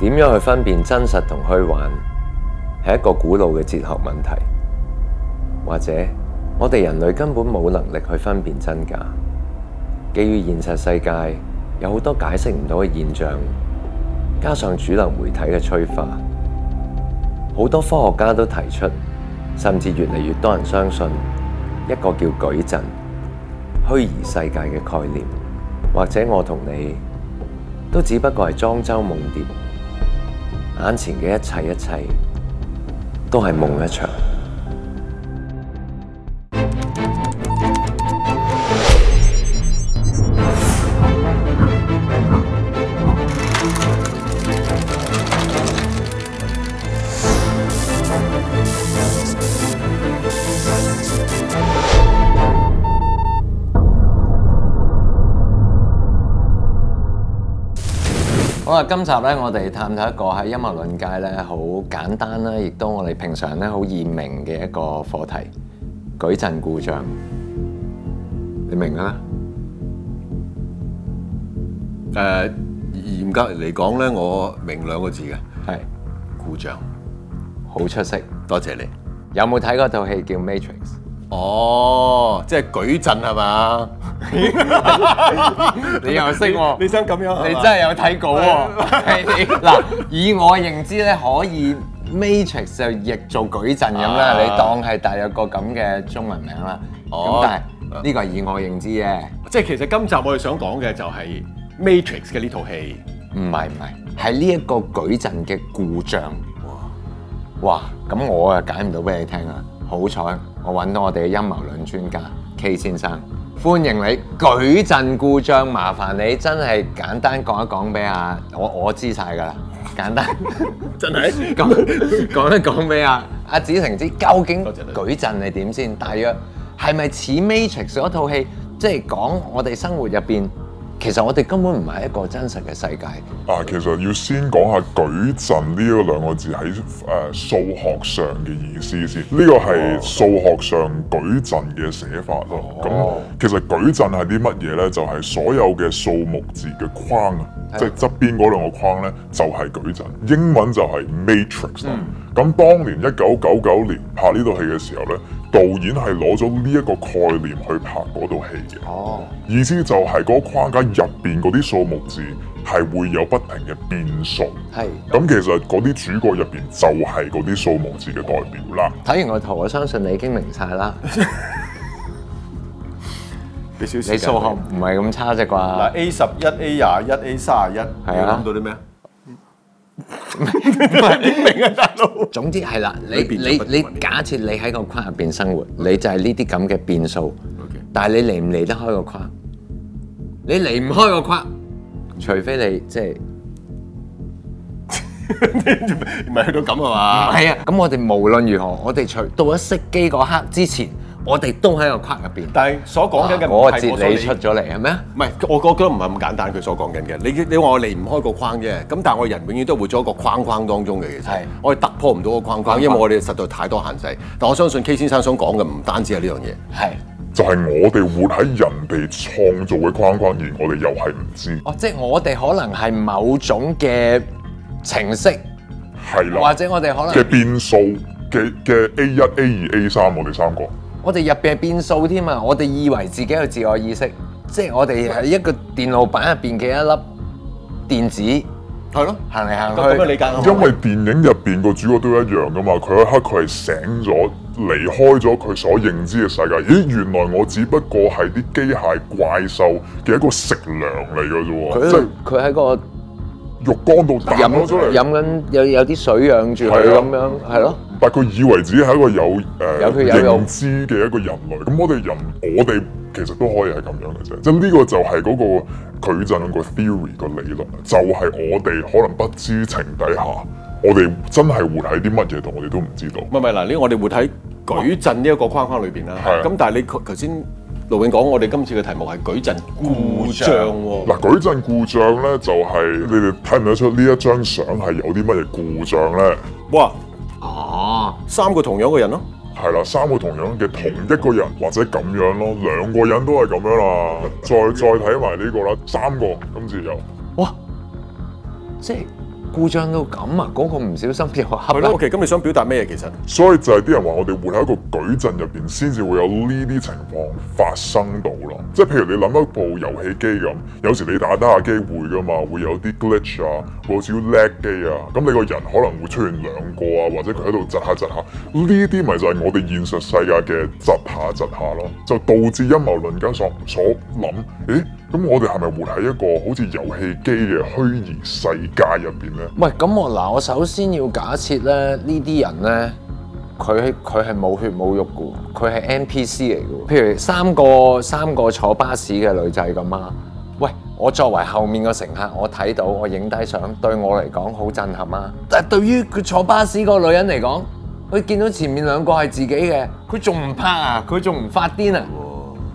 點樣去分辨真實同虛幻，係一個古老嘅哲學問題，或者我哋人類根本冇能力去分辨真假。基於現實世界有好多解釋唔到嘅現象，加上主流媒體嘅催化，好多科學家都提出，甚至越嚟越多人相信一個叫矩陣虛擬世界嘅概念，或者我同你都只不過係莊周夢蝶。眼前嘅一切，一切都係夢一場。好啦，今集咧，我哋探討一個喺陰謀論界咧，好簡單啦，亦都我哋平常咧好易明嘅一個課題——矩陣故障。你明啦？誒，嚴格嚟講咧，我明兩個字嘅係是故障，好出色，多謝你。有冇睇嗰套戲叫《Matrix》？哦，即係矩陣係嘛？ 你又識？你想咁樣？你真係有睇稿喎？嗱， 以我認知咧，可以 Matrix 就譯做矩陣咁啦。啊、你當係大約有個咁嘅中文名啦。咁、哦、但係呢個係以我認知嘅、啊，即係其實今集我哋想講嘅就係 Matrix 嘅呢套戲，唔係唔係，係呢一個矩陣嘅故障。哇，咁我啊解唔到俾你聽啊，好彩。我揾到我哋嘅陰謀論專家 K 先生，歡迎你。矩陣故障，麻煩你真係簡單講一講俾阿我，我知晒㗎喇。簡單， 真係講講一講俾阿阿子晴知，究竟謝謝矩陣係點先？大約係咪似 Matrix 嗰套戲？即係講我哋生活入邊。其實我哋根本唔係一個真實嘅世界。啊，其實要先講下矩陣個呢兩個字喺誒數學上嘅意思先。呢、這個係數學上矩陣嘅寫法咯。咁、哦、其實矩陣係啲乜嘢呢？就係、是、所有嘅數目字嘅框啊，即係側邊嗰兩個框呢，就係矩陣。英文就係 matrix 咁、嗯、當年一九九九年拍呢套戲嘅時候呢。導演係攞咗呢一個概念去拍嗰套戲嘅，哦、意思就係嗰個框架入邊嗰啲數目字係會有不停嘅變數。係是，咁其實嗰啲主角入邊就係嗰啲數目字嘅代表啦。睇完個圖，我相信你已經明晒啦。 你少少，你數學唔係咁差啫啩？嗱，A 十一、A 廿一、A 三十一，你諗到啲咩？唔明啊，大佬。 總之係啦，你你你假設你喺個框入邊生活，你就係呢啲咁嘅變數。Okay. 但係你離唔離得開個框？你離唔開個框，除非你即係唔係去到咁啊嘛？係、就是、 啊，咁我哋無論如何，我哋除到咗熄機嗰刻之前。我哋都喺個框入邊，但係所講緊嘅我截你出咗嚟係咩？唔係，我我覺得唔係咁簡單。佢所講緊嘅，你你話我離唔開個框啫。咁但係我人永遠都活在一個框框當中嘅，其實係我哋突破唔到個框框，框框，因為我哋實在太多限制。但我相信 K 先生想講嘅唔單止係呢樣嘢，係是就係我哋活喺人哋創造嘅框框而我哋又係唔知。哦，即係我哋可能係某種嘅程式，係啦的，或者我哋可能嘅變數嘅嘅 A 一、A 二、A 三，我哋三個。我哋入邊係變數添啊！我哋以為自己有自我意識，即係我哋喺一個電腦板入邊嘅一粒電子，係咯的，行嚟行去。因為電影入邊個主角都一樣噶嘛，佢一刻佢係醒咗，離開咗佢所認知嘅世界。咦，原來我只不過係啲機械怪獸嘅一個食糧嚟嘅啫喎！他即係佢喺個浴缸度飲咗出嚟，飲緊有有啲水養住佢咁樣，係咯。嗯但佢以為自己係一個有誒、呃、認知嘅一個人類，咁我哋人，我哋其實都可以係咁樣嘅啫。咁、就、呢、是、個就係嗰個矩陣個 theory 個理論，就係、是、我哋可能不知情底下，我哋真係活喺啲乜嘢度，我哋都唔知道。唔係唔係，嗱呢，我哋活喺矩陣呢一個框框裏邊啦。係咁哇但係你頭先陸永講，我哋今次嘅題目係矩陣故障喎。嗱障，矩、呃、陣故障咧，就係、是、你哋睇唔得出呢一張相係有啲乜嘢故障咧。哇！三個同樣嘅人咯，係啦，三個同樣嘅同一個人或者咁樣咯，兩個人都係咁樣啦，再再睇埋呢個啦，三個今次由，哇，即係。故障都咁啊！嗰個唔小心又黑啦。OK，咁你想表達咩嘢？其 實 所以就係啲人話我哋活喺一個矩陣入邊，先至會有呢啲情況發生到啦。即係譬如你諗一部遊戲機咁，有時你打打下機會㗎嘛，會有啲 glitch 啊，或者 lag 機啊。咁你個人可能會出現兩個啊，或者佢喺度窒下窒下，呢啲咪就係我哋現實世界嘅窒下窒下咯。就導致陰謀論家所所諗，誒咁我哋係咪活喺一個好似遊戲機嘅虛擬世界入邊咧？喂，咁我嗱，我首先要假設咧，呢啲人咧，佢佢係冇血冇肉嘅，佢係 NPC 嚟嘅。譬如三個三個坐巴士嘅女仔咁啊，喂，我作為後面嘅乘客，我睇到我影低相，對我嚟講好震撼啊。但對於佢坐巴士個女人嚟講，佢見到前面兩個係自己嘅，佢仲唔拍啊？佢仲唔發癲啊？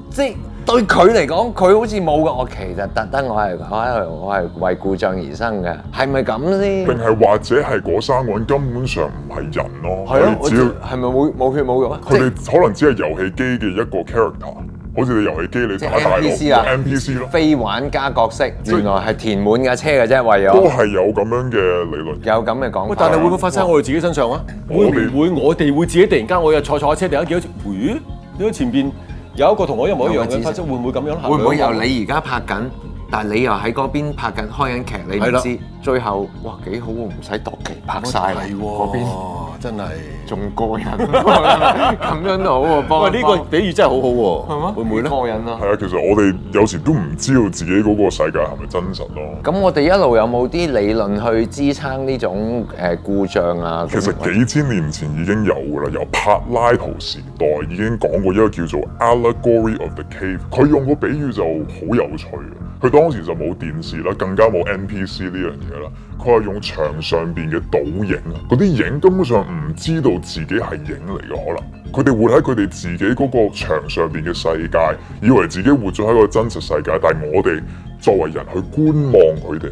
即對佢嚟講，佢好似冇噶。我其實特登，我係我係我係為故障而生嘅，係咪咁先？定係或者係嗰三個人根本上唔係人咯。係咯，只係咪冇冇血冇肉啊？佢哋可能只係遊戲機嘅一個 character，好似你遊戲機你打大龍嘅 NPC 咯，非玩家角色。原來係填滿架車嘅啫，唯有都係有咁樣嘅理論，有咁嘅講法。但係會唔會發生喺我哋自己身上啊？會唔會我哋會自己突然間，我又坐坐下車，突然間見到咦，呢個前邊？有一個同我一模一樣，會不會這樣，會唔會咁樣？會唔會由你而家拍緊， 但係你又喺嗰邊拍緊開緊劇？你唔知道。最後哇，幾好喎、啊，唔使度奇拍晒嚟喎，嗰、哦、邊、哦、真係仲過癮、啊，咁 樣都好喎、啊。不過呢個比喻真係好好、啊、喎，會唔會咧？過癮啊！係 啊，其實我哋有時都唔知道自己嗰個世界係咪真實咯、啊。咁、嗯、我哋一路有冇啲理論去支撐呢種誒、呃、故障啊？其實幾千年前已經有㗎啦，由柏拉圖時代已經講過一個叫做 Allegory of the Cave。佢用個比喻就好有趣啊！佢當時就冇電視啦，更加冇 NPC 呢樣佢係用牆上邊嘅倒影，嗰啲影根本上唔知道自己係影嚟嘅可能，佢哋活喺佢哋自己嗰個牆上邊嘅世界，以為自己活咗喺個真實世界，但係我哋作為人去觀望佢哋，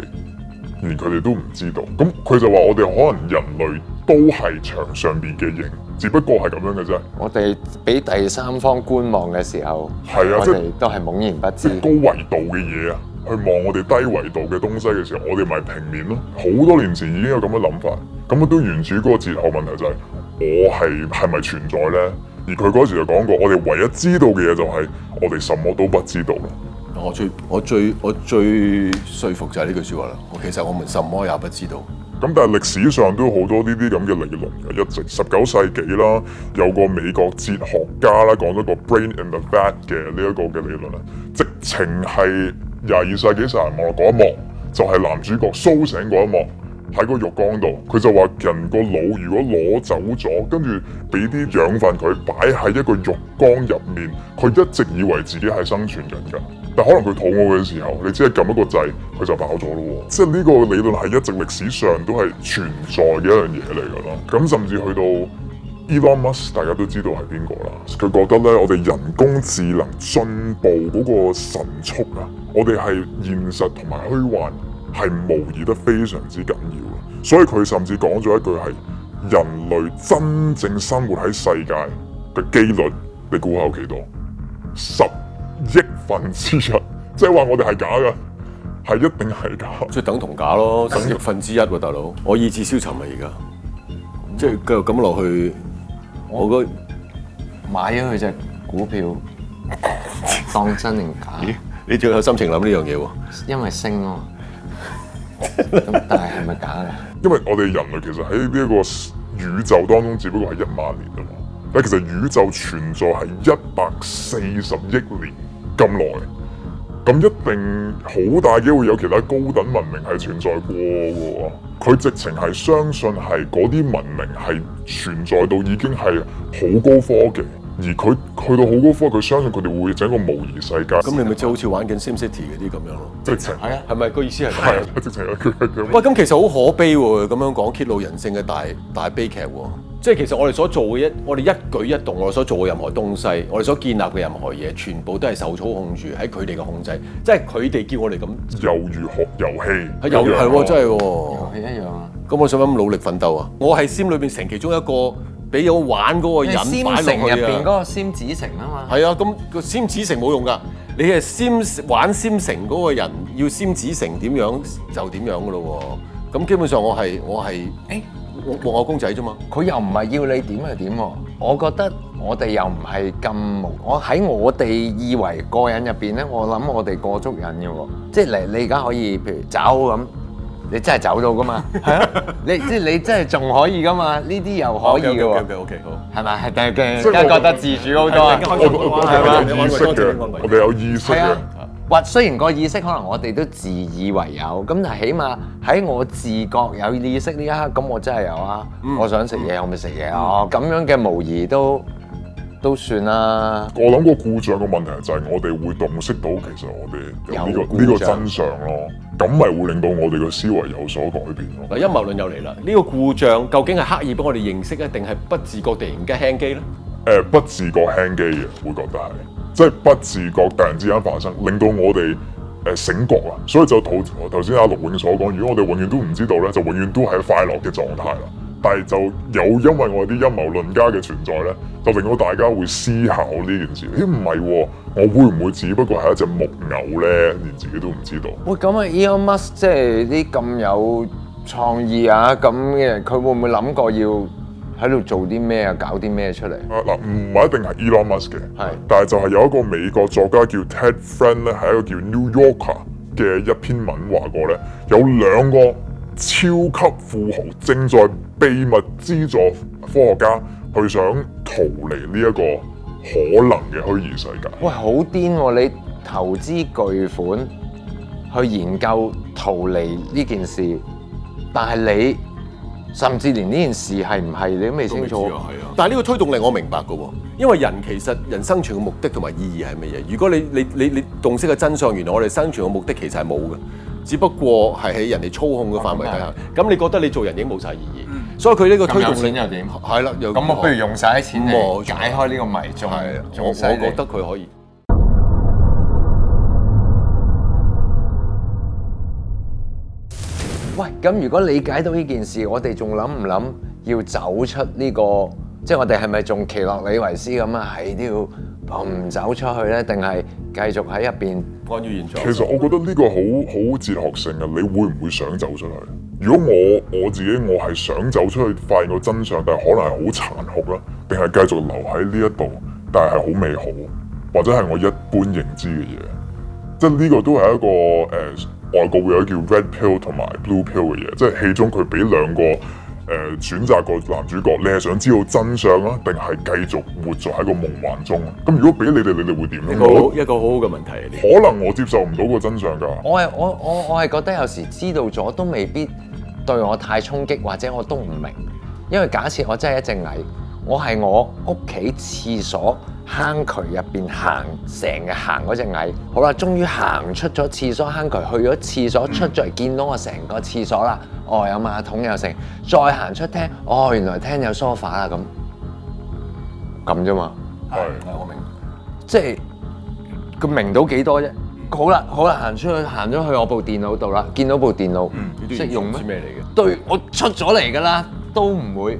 連佢哋都唔知道。咁佢就話我哋可能人類都係牆上邊嘅影，只不過係咁樣嘅啫。我哋俾第三方觀望嘅時候，係啊，即係都係懵然不知高維度嘅嘢啊。去望我哋低維度嘅東西嘅時候，我哋咪平面咯。好多年前已經有咁嘅諗法，咁啊都源自嗰個哲學問題就係、是、我係係咪存在呢？」而佢嗰時就講過，我哋唯一知道嘅嘢就係、是、我哋什麼都不知道咯。我最我最我最說服就係呢句說話啦。我其實我們什麼也不知道。咁但係歷史上都好多呢啲咁嘅理論嘅，一直十九世紀啦，有個美國哲學家啦講咗個 brain in the vat 嘅呢一個嘅理論啊，直情係。廿二世紀殺人網絡嗰一幕就係、是、男主角甦醒嗰一幕，喺個浴缸度，佢就話人個腦如果攞走咗，跟住俾啲養分佢，擺喺一個浴缸入面，佢一直以為自己係生存緊噶。但可能佢肚餓嘅時候，你只係撳一個掣，佢就飽咗咯。即係呢個理論係一直歷史上都係存在嘅一樣嘢嚟噶咯。咁甚至去到。Elon Musk 大家都知道係邊個啦？佢覺得咧，我哋人工智能進步嗰個神速啊，我哋係現實同埋虛幻係模擬得非常之緊要啊！所以佢甚至講咗一句係人類真正生活喺世界嘅機率，你估下有幾多？十億分之一，即係話我哋係假嘅，係一定係假，即係等同假咯，十億分之一喎、啊，大佬！我意志消沉啊，而家即係繼續咁落去。我個買咗佢隻股票，當真定假？咦你仲有心情諗呢樣嘢喎？因為升咯啊。咁但係係咪假㗎？因為我哋人類其實喺呢一個宇宙當中，只不過係一萬年啊嘛。但其實宇宙存在係一百四十億年咁耐。咁一定好大機會有其他高等文明係存在過嘅喎，佢直情係相信係嗰啲文明係存在到已經係好高科技，而佢去到好高科技，佢相信佢哋會整一個模擬世界。咁你咪即係好似玩緊 SimCity 嗰啲咁樣咯？直情接係啊？係咪？嗰個意思係？係啊，直情係。喂，咁、 啊、其實好可悲喎，啊，咁樣講揭露人性嘅大大悲劇喎，啊。即係其實我哋所做嘅一，我哋一舉一動，我哋所做嘅任何東西，我哋所建立嘅任何嘢，全部都係受操控住喺佢哋嘅控制。即係佢哋叫我哋咁，猶如學遊戲，係，係喎，真係喎，遊戲一樣啊。咁、嗯哦、我想唔想努力奮鬥啊？我係仙裏邊成其中一個俾我玩嗰、嗰個人擺落去入邊嗰個仙子城啊嘛。係啊，咁仙子城冇、那個、用㗎，你係仙玩仙城嗰個人，要仙、嗯、子城點樣就點樣㗎咯喎。咁基本上我係我係。我我我公仔啫嘛，佢又唔係要你點就點喎、啊。我覺得我哋又唔係咁無，我喺我哋以為過癮入邊咧，我諗我哋過足癮嘅喎。即係你你而家可以譬如走咁，你真係走到㗎嘛？ 你即係你真係仲可以㗎嘛？呢啲又可以嘅喎、啊。O K O K 好，係咪？而家覺得自主好多啊！我哋有意識嘅，我哋有意識嘅。話雖然個意識可能我哋都自以為有，咁但係起碼喺我自覺有意識呢一刻，咁我真係有啊。嗯、我想食嘢，我咪食嘢。嗯、哦，咁樣嘅模擬都都算啦。我諗個故障嘅問題就係我哋會洞悉到其實我哋有呢、這個呢個真相咯，咁咪會令到我哋嘅思維有所改變咯。嗱，陰謀論又嚟啦！呢、這個故障究竟係刻意幫我哋認識咧，定係不自覺地而家輕機咧？誒、呃，不自覺輕機嘅，會覺得係。即係不自覺，突然之間發生，令到我哋誒、呃、醒覺啦。所以就討論頭先阿陸永所講，如果我哋永遠都唔知道咧，就永遠都係快樂嘅狀態啦。但係就有因為我哋啲陰謀論家嘅存在咧，就令到大家會思考呢件事。咦、欸？唔係、哦，我會唔會只不過係一隻木偶咧？連自己都唔知道。喂，咁啊，Elon Musk，即係啲咁有創意啊咁嘅人，佢會唔會諗過要？喺度做啲咩啊？搞啲咩出嚟啊？嗱，唔係一定係 Elon Musk 嘅，係，但係就係有一個美國作家叫 Ted Friend 咧，係一個叫 New Yorker 嘅一篇文話過咧，有兩個超級富豪正在秘密資助科學家去想逃離呢一個可能嘅虛擬世界。喂，好癲啊！你投資巨款去研究逃離呢件事，但係你？甚至連呢件事係唔係你都未清楚，但係呢個推動力我明白嘅喎。因為人其實人生存嘅目的同埋意義係乜嘢？如果你你你你洞悉嘅真相，原來我哋生存嘅目的其實係冇嘅，只不過係喺人哋操控嘅範圍底下。咁、嗯、你覺得你做人已經冇晒意義，嗯、所以佢呢個推動力又點？係啦，咁我不如用晒啲錢解開呢個謎，仲係我覺得佢可以。喂，咁如果理解到呢件事，我哋仲諗唔諗要走出呢個，即係我哋係咪仲奇洛李維斯咁啊？係都要唔走出去咧，定係繼續喺入邊按住現場？其實我覺得呢個好好哲學性啊！你會唔會想走出去？如果我我自己我係想走出去發現個真相，但係可能係好殘酷啦，定係繼續留喺呢一度，但係好美好，或者係我一般認知嘅嘢，即係呢個都係一個。誒、呃。外國會有一個叫 Red Pill 同埋 Blue Pill 嘅嘢，即係戲中佢俾兩個誒、呃、選擇個男主角，你係想知道真相啊，定係繼續活在喺個夢幻中？咁如果俾你哋，你哋會點樣？一個好，一個好好嘅問題啊！可能我接受唔到個真相㗎。我係我我我係覺得有時知道咗都未必對我太衝擊，或者我都唔明。因為假設我真係一隻蟻，我係我屋企廁所。坑渠入邊行成日行嗰隻蟻，好啦，終於行出咗廁所坑渠，去咗廁所出咗嚟，見到我成個廁所啦，哦，有馬桶又成，再行出廳，哦，原來廳有 sofa 啦，咁咁啫嘛，係，對我明，我明即係佢明到幾多啫？好啦，好啦，行出去，行咗去我部電腦度啦，見到部電腦，識、嗯、用咩嚟嘅？是是對，我出咗嚟噶啦，都唔會。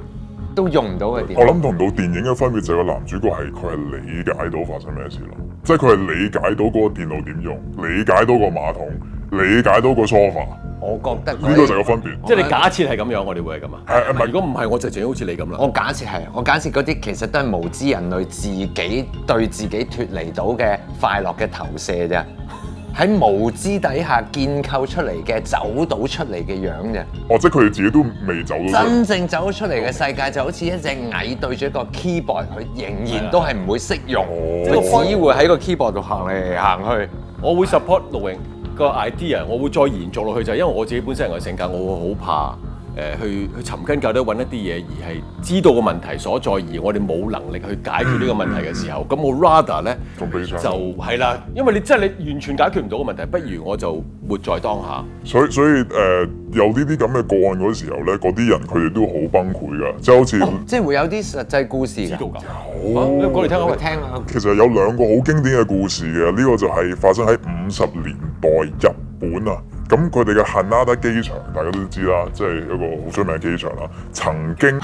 都用唔到嘅。我諗同到電影嘅分別就係個男主角係佢係理解到發生咩事咯，即係佢係理解到嗰個電腦點用，理解到個馬桶，理解到個 sofa。我覺得呢個就有分別。即係你假設係咁樣，我哋會係咁啊？唔係， 如果唔係，我就似好似你咁啦。我假設係，我假設嗰啲其實都係無知人類自己對自己脫離到嘅快樂嘅投射啫。 喺無知底下建構出嚟嘅，走到出嚟嘅樣嘅，或者佢哋自己都未走到。到。真正走出嚟嘅世界，oh, 就好似一隻蟻對住一個 keyboard，佢、嗯、仍然、嗯、都係唔會識用，只會喺個 keyboard 度行嚟行去。 我會 support Louis 個 idea，我會再延續落去就係因為我自己本身人嘅性格，我會好怕。誒去去尋根究底揾一啲嘢，而係知道個問題所在，而我哋冇能力去解決呢個問題嘅時候，咁、嗯、我 rather 咧就係啦，因為你即係你完全解決唔到個問題，不如我就活在當下。所以所以誒、呃，有呢啲咁嘅個案嗰時候咧，嗰啲人佢哋都好崩潰噶，就好似、哦、即係會有啲實際故事噶，有嚟、哦、聽下，聽下。其實有兩個好經典嘅故事嘅，呢、呢個就係發生喺五十年代日本啊。咁佢哋嘅夏拉德機場，大家都知啦，即係一個好出名嘅機場啦。曾經，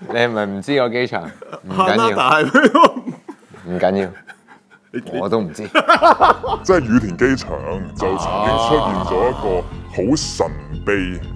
你係咪唔知個機場？唔緊要，唔緊要， 你我都唔知。 即係羽田機場就曾經出現咗一個好神秘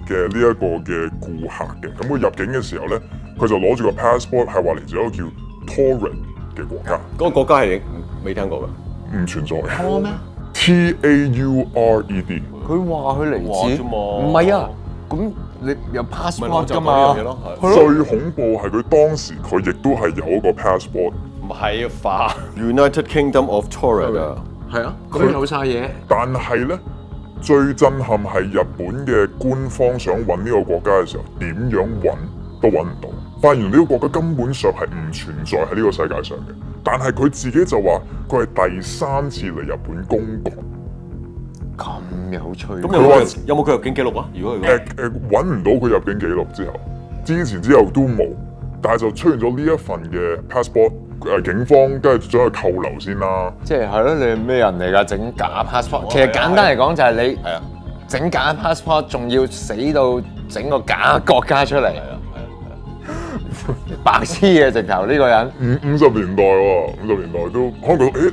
嘅呢、啊、一個嘅顧客嘅。咁佢入境嘅時候咧，佢就攞住個 passport 係話嚟自一個叫 Tory 嘅國家。嗰個國家係未聽過㗎，唔存在。錯咩、啊？T A U R E D，佢話佢嚟自，嘛？唔係哇啊，咁、嗯、你有 passport 噶嘛？咯啊、最恐怖係佢當時佢亦都係有一個 passport，唔係啊，發法 United Kingdom of Taured 噶，係啊，咁你晒嘢。他但係咧最震撼係日本嘅官方想搵呢個國家嘅時候，點樣搵都搵唔到，發現呢個國家根本上係唔存在喺呢個世界上嘅。但係佢自己就話佢係第三次嚟日本公幹，咁有趣。咁說有冇佢入境記錄啊？如果誒誒，搵唔到佢入境記錄之後，之前之後都冇，但係就出現咗呢一份嘅 passport，誒、啊、警方梗係將佢扣留先啦。即係係咯，你係咩人嚟噶？整假 passport，、哦、其實簡單嚟講就係你，係啊，整假 passport，仲要死到整個假國家出嚟。白痴啊！直頭呢個人五五十年代喎、啊，五十年代都可能佢，誒、哎，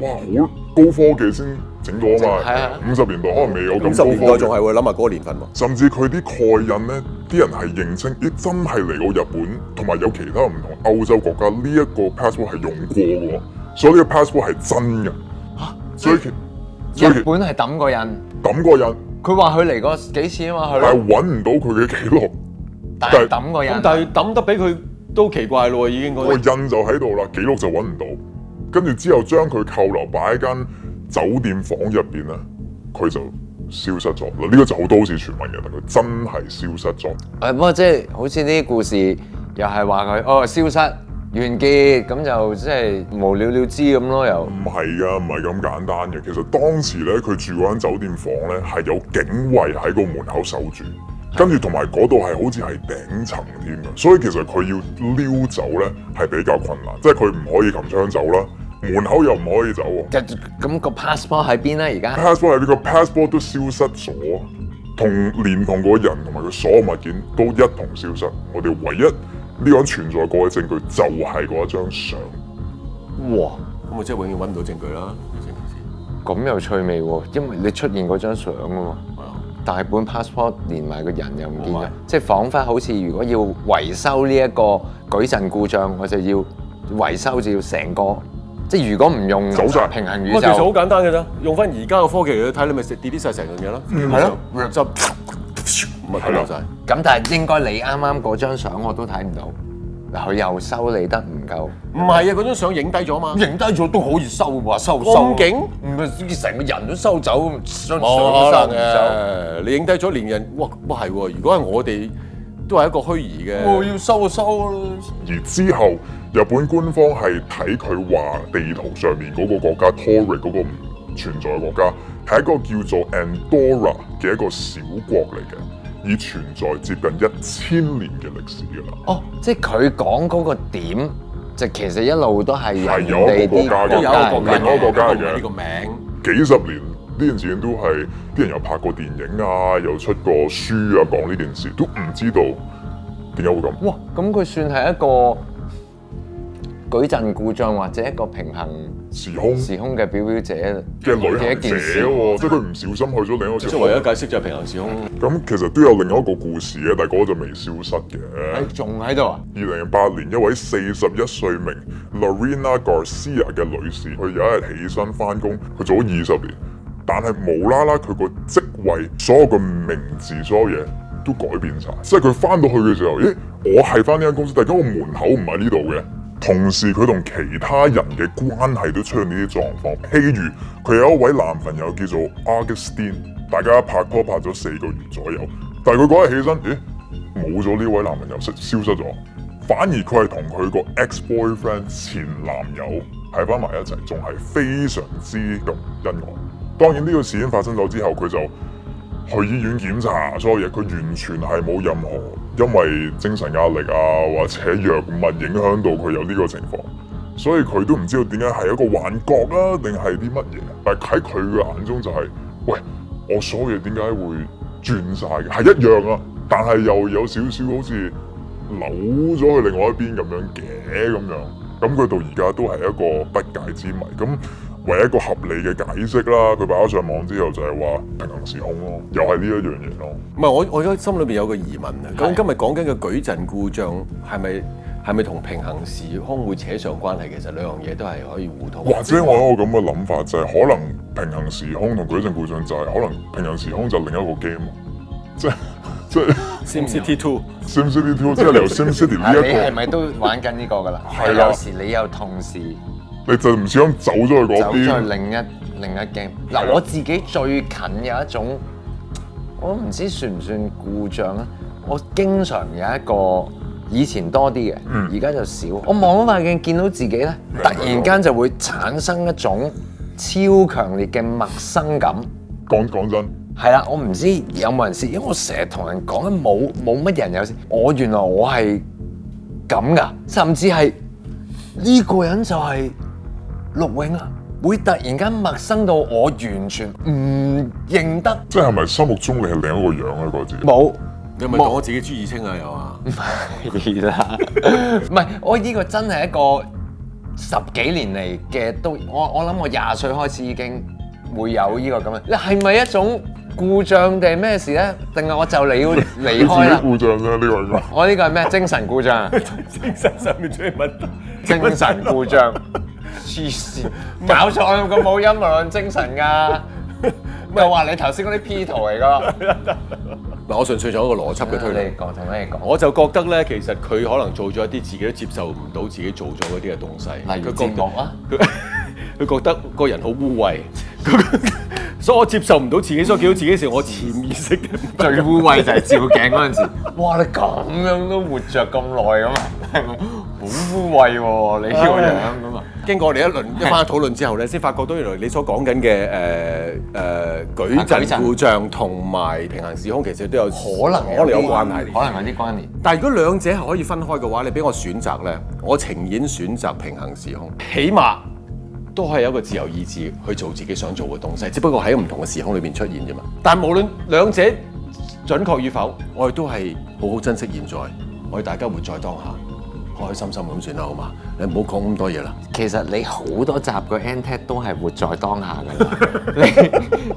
哇，好高科技先整到啊嘛！五十年代可能未有咁高科技，仲係會諗下嗰個年份喎。甚至佢啲蓋印咧，啲人係認清，你真係嚟過日本，同埋有其他唔同歐洲國家呢一個 passport 係用過嘅，所以呢個 passport 係真嘅。吓、啊，所以日本係抌個印，抌個印。佢話佢嚟過幾次啊嘛，佢但係揾唔到佢嘅記錄，但係抌個印，但係抌得俾佢。都奇怪咯，已經個印就喺度啦，記錄就揾唔到，跟住之後將佢扣留擺喺間酒店房入邊啦，佢就消失咗。嗱，呢個就好多好似傳聞嘅，但佢真係消失咗。誒、啊，不過即係好似呢啲故事又係話佢哦消失完結，咁就即係無了了之咁咯，又唔係㗎，唔係咁簡單嘅。其實當時咧，佢住嗰間酒店房咧係有警衛喺個門口守住。跟住同埋嗰度係好似係頂層添，所以其實佢要溜走咧係比較困難，即係佢唔可以擒窗走啦，門口又唔可以走喎。咁、啊啊嗰個 passport 喺邊咧？而家 passport 喺呢、呢個 passport 都消失咗，同連同個人同埋佢所有物件都一同消失。我哋唯一呢個人存在過嘅證據就係嗰一張相。哇！咁我即係永遠揾唔到證據啦，係咪先？咁又趣味喎、啊，因為你出現嗰張相啊嘛。但係本 passport 連埋個人又唔見咗吧，即係彷彿好似如果要維修呢一個矩陣故障，我就要維修就要成個。即係如果唔用，早咗平行宇宙。其實好簡單嘅啫，用翻而家嘅科技去睇，你咪 delete 曬成樣嘢咯。係咯、嗯，汁，咁但係應該你啱啱嗰張相我都睇唔到。佢又收你得唔夠？唔係啊，嗰張相影低咗嘛，影低咗都可以收喎，收收。光景唔係，成個人都收走咁。冇、啊、可你影低咗連人，哇哇唔係喎！如果係我哋，都係一個虛擬嘅。我、哦、要收收。而之後，日本官方係睇佢話地圖上面嗰個國家 Tory 嗰個唔存在嘅國家，係一個叫做 Andorra 嘅一個小國嚟嘅，已存在接近一千年嘅歷史㗎啦！哦，即係佢講嗰個點，就其實一路都係係有，個有個一個國家嘅，有一個國家嘅呢個名幾十年呢件事都係啲人又拍過電影啊，又出過書啊，講呢件事都唔知道點解會咁。哇！咁佢算係一個矩陣故障，或者一個平行。時空時空嘅表表姐嘅旅行者喎，即係佢唔小心去咗另一個。即係唯一解釋就係平行時空。咁其實都有另一個故事嘅，但係嗰個就未消失嘅。誒，仲喺度啊！二零零八年，一位四十一歲名 Lorena Garcia 嘅女士，佢有一日起身翻工，佢做咗二十年，但係無啦啦佢個職位、所有嘅名字、所有嘢都改變晒。即係佢翻到去嘅時候，咦？我係翻呢間公司，但係我門口唔喺呢度嘅。同時佢同其他人嘅關係都出現呢啲狀況，譬如佢有一位男朋友叫做 Augustine，大家拍拖拍咗四個月左右，但係佢嗰日起身，咦，冇咗呢位男朋友，消失咗，反而佢係同佢個 ex boyfriend 前男友喺翻埋一齊，仲係非常之咁恩愛。當然呢個事件發生咗之後，佢就去醫院檢查，所有嘢佢完全係冇任何。因為精神壓力啊，或者藥物影響到佢有呢個情況，所以佢都唔知道點解係一個幻覺啦，定係啲乜嘢？但係喺佢嘅眼中就係：喂，我所有嘢點解會轉晒嘅係一樣啊，但係又有少少好似扭咗去另外一邊咁樣嘅咁樣。咁佢到而家都係一個不解之謎咁。唯一個合理嘅解釋啦，佢擺咗上網之後就係話平行時空咯、啊，又係呢一樣嘢咯、啊。唔係我我而家心裏邊有個疑問啊，咁今日講緊嘅矩陣故障係咪係咪同平行時空會扯上關係？其實兩樣嘢都係可以互通。或者我有個咁嘅諗法就係，可能平行時空同矩陣故障就係可能平行時空就另一個 game，即即 SimCity Two，SimCity Two 即係由 SimCity 呢一個。係咪都玩緊呢個㗎啦？係、啊、 有時你有同時。你就唔想走咗去嗰邊？走咗去另一另一境。嗱的，我自己最近有一種，我唔知算唔算故障咧。我經常有一個以前多啲嘅，而家、嗯、就少。我望翻塊鏡，見到自己咧，突然間就會產生一種超強烈嘅陌生感。講講真，係啦，我唔知有冇人試，因為我成日同人講緊冇冇乜人有先。我原來我係咁㗎，甚至係呢、這個人就係、是。陸永啊，會突然間陌生到我完全唔認得，即係咪心目中你係另一個樣啊？個字冇，你咪我自己朱二清啊，有啊？唔係啦，唔係我呢個真係一個十幾年嚟嘅都，我我諗我廿歲開始已經會有呢個咁啊！你係咪一種故障定係咩事咧？定係我就你要離開啦？故障咧，呢個係我呢個係咩？精神故障啊！精神上面出現問題，精神故障。黐線，搞錯咁冇音樂精神噶、啊，唔係話你頭先嗰啲 P 圖嚟噶。嗱， 我順粹純粹咗一個邏輯嘅推理同、啊、你講，同咩講？我就覺得咧，其實佢可能做咗一啲自己都接受唔到自己做咗嗰啲嘅東西。佢自覺啊，佢覺得個人好污穢。 所以我接受唔到自己，所以叫到自己時，我潛意識最污穢就係照鏡嗰陣時。哇！你咁樣都活着咁耐咁啊？ 好污穢喎！你呢個樣咁啊？經過我哋一輪的一番討論之後咧，先發覺到原來你所講緊嘅誒誒矩陣故障同埋平行時空，其實都有,可能,有關聯可能，可能有關係，可能有啲關聯。但係如果兩者係可以分開嘅話，你俾我選擇咧，我情願選擇平行時空，起碼都係有一個自由意志去做自己想做嘅東西，只不過喺唔同嘅時空裏邊出現啫嘛。但係無論兩者準確與否，我哋都係好好珍惜現在，我哋大家活在當下。開開心心咁算啦，好嘛？你唔好講咁多嘢啦。其實你好多集嘅 end tag 都係活在當下嘅。你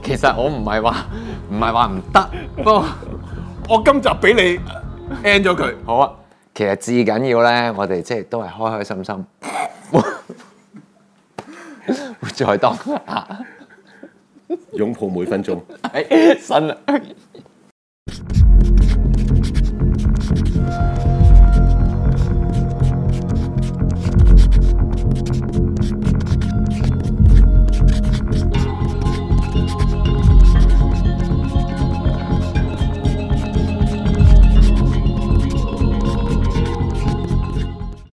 其實我唔係話唔係話唔得，不過我我今集俾你 end 咗佢。好啊。其實至緊要咧，我哋即係都係開開心心，活在當下，擁抱每分鐘。新啦。